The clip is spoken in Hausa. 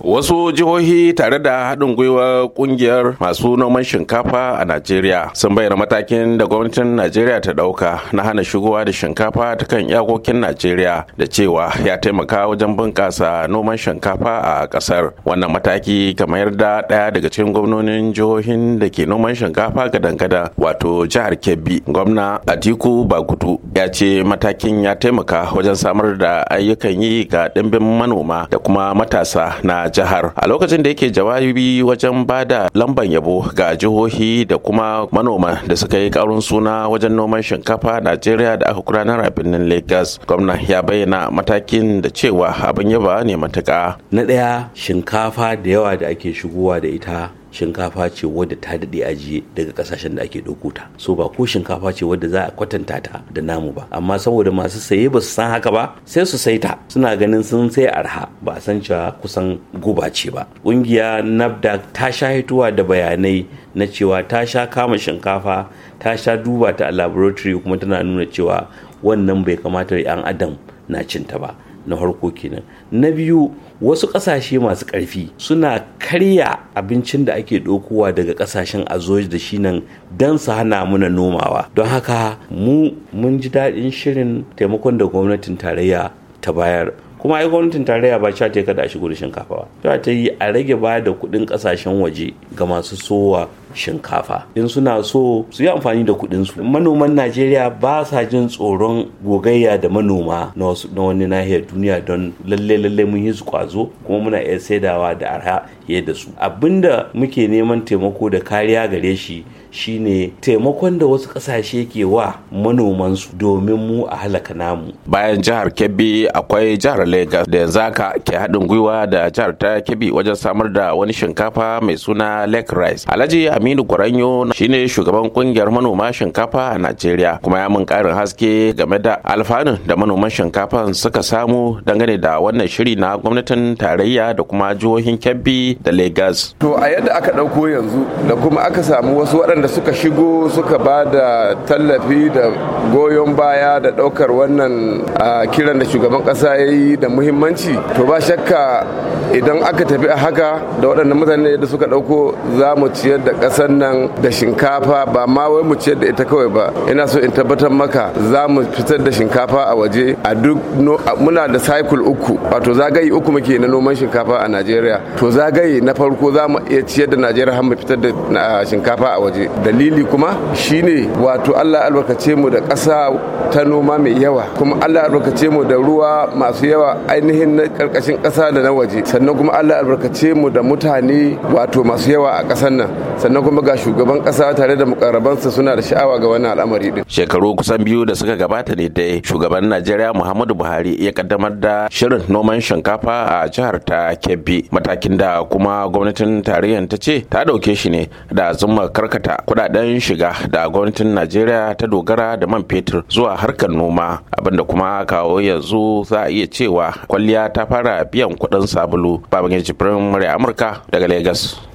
Wasu jihohi tare da haɗin gwiwa ƙungiyar masu noman shinkafa a Najeriya sun bayyana matakin da gwamnatin Najeriya ta ɗauka na hana shigowa da shinkafa ta kan iyakokin Najeriya da cewa ya taimaka wajen bunƙasa noman shinkafa a ƙasar. Wannan mataki kamar da ɗaya daga cikin gwamnonin jihohin da ke noman shinkafa gadan-gadan wato jihar Kebbi gwamna Atiku Bagudu ya ce matakin ya taimaka wajen samar da ayyukan yi ga ɗimbin manoma da kuma matasa na jihar a lokacin da yake jawabi wajen bada da lamban yabo ga jihohi da kuma manoma da suka yi karun suna wajen noman shinkafa najeriya da aka kura a birnin lagos gwamna ya bayyana matakin da cewa abin yaba ne matuka na ɗaya shinkafa da yawa da ake shigowa da ita shinkafa ce wadda ta daɗe ajiye daga ƙasashen da ake ɗauko ta so ba ko shinkafa ce wadda za a kwatanta ta da namu ba amma saboda masu saye ba su san haka ba sai su saita. suna ganin sun sai arha ba a san cewa kusan guba ce ba ƙungiya nafda ta sha hituwa da bayanai na cewa ta sha kama shinkafa ta sha duba ta a laboratory kuma tana nuna cewa wannan bai kamata 'yan adam na cinta ba na harko kenan na biyu wasu ƙasashe masu ƙarfi suna karya abincin da ake ɗaukowa daga ƙasashen azo da shi nan don su hana muna nomawa don haka mu mun ji daɗin shirin taimakon da gwamnatin tarayya ta bayar kuma ai gwamnatin tarayya ba cewa ta kada a shigo da shinkafa ba cewa ta yi a rage ba da kuɗin ƙasashen waje ga masu sowa shinkafa in suna so su yi amfani da kuɗin su manoman najeriya ba sa jin tsoron gogayya da manoma na wani nahiyar duniya don lalle lalle mun yi su kwazo kuma muna iya saidawa da arha da su abinda muke neman taimako da kariya gare shi shine taimakon da wasu kasashe ke wa manomansu domin mu a halaka namu bayan jihar kebbi akwai jihar Lagos da yanzu haka ke haɗin gwiwa da jihar ta Kebbi wajen samar da wani shinkafa mai suna Lake Rice. Alhaji Aminu Kwaranyo shine shugaban kungiyar manoma shinkafa a Najeriya kuma ya mun ƙarin haske game da alfanun da manoman shinkafan suka samu dangane da wannan shiri na gwamnatin tarayya da kuma jihohin Kebbi da legas. To a yadda aka ɗauko yanzu da kuma aka samu wasu waɗanda suka shigo suka ba da tallafi da goyon baya da ɗaukar wannan ah, kiran da shugaban ƙasa ya yi da muhimmanci to ba shakka idan aka tafi a haka da waɗannan mutane da suka ɗauko za mu ciyar da ƙasar nan da shinkafa ba ma wai mu ciyar da ita kawai ba ina so in tabbatar maka za mu fitar da shinkafa a waje a duk muna da cycle uku wato zagaye uku muke na noman shinkafa a najeriya to zagaye na farko za mu iya ciyar da najeriya har mu fitar da shinkafa a waje dalili kuma shine wato allah albarkace mu da ƙasa ta noma mai yawa kuma allah albarkace mu da ruwa masu yawa ainihin na karkashin kasa da na waje sannan kuma Allah albarkace mu da mutane wato masu yawa a ƙasar nan sannan kuma ga shugaban kasa tare da mukarabansa suna da sha'awa ga wannan al'amari din shekaru kusan biyu da suka gabata ne dai shugaban Najeriya Muhammadu Buhari ya kaddamar da shirin noman shinkafa a jihar ta Kebbi matakin da kuma gwamnatin tarayyar ta ce ta dauke shi ne da zuma karkata kudaden shiga da gwamnatin Najeriya ta dogara da man fetur zuwa harkar noma abinda kuma kawo yanzu za a iya cewa kwalliya ta fara biyan kuɗin sabulu baban jibrin murya amurka daga legas.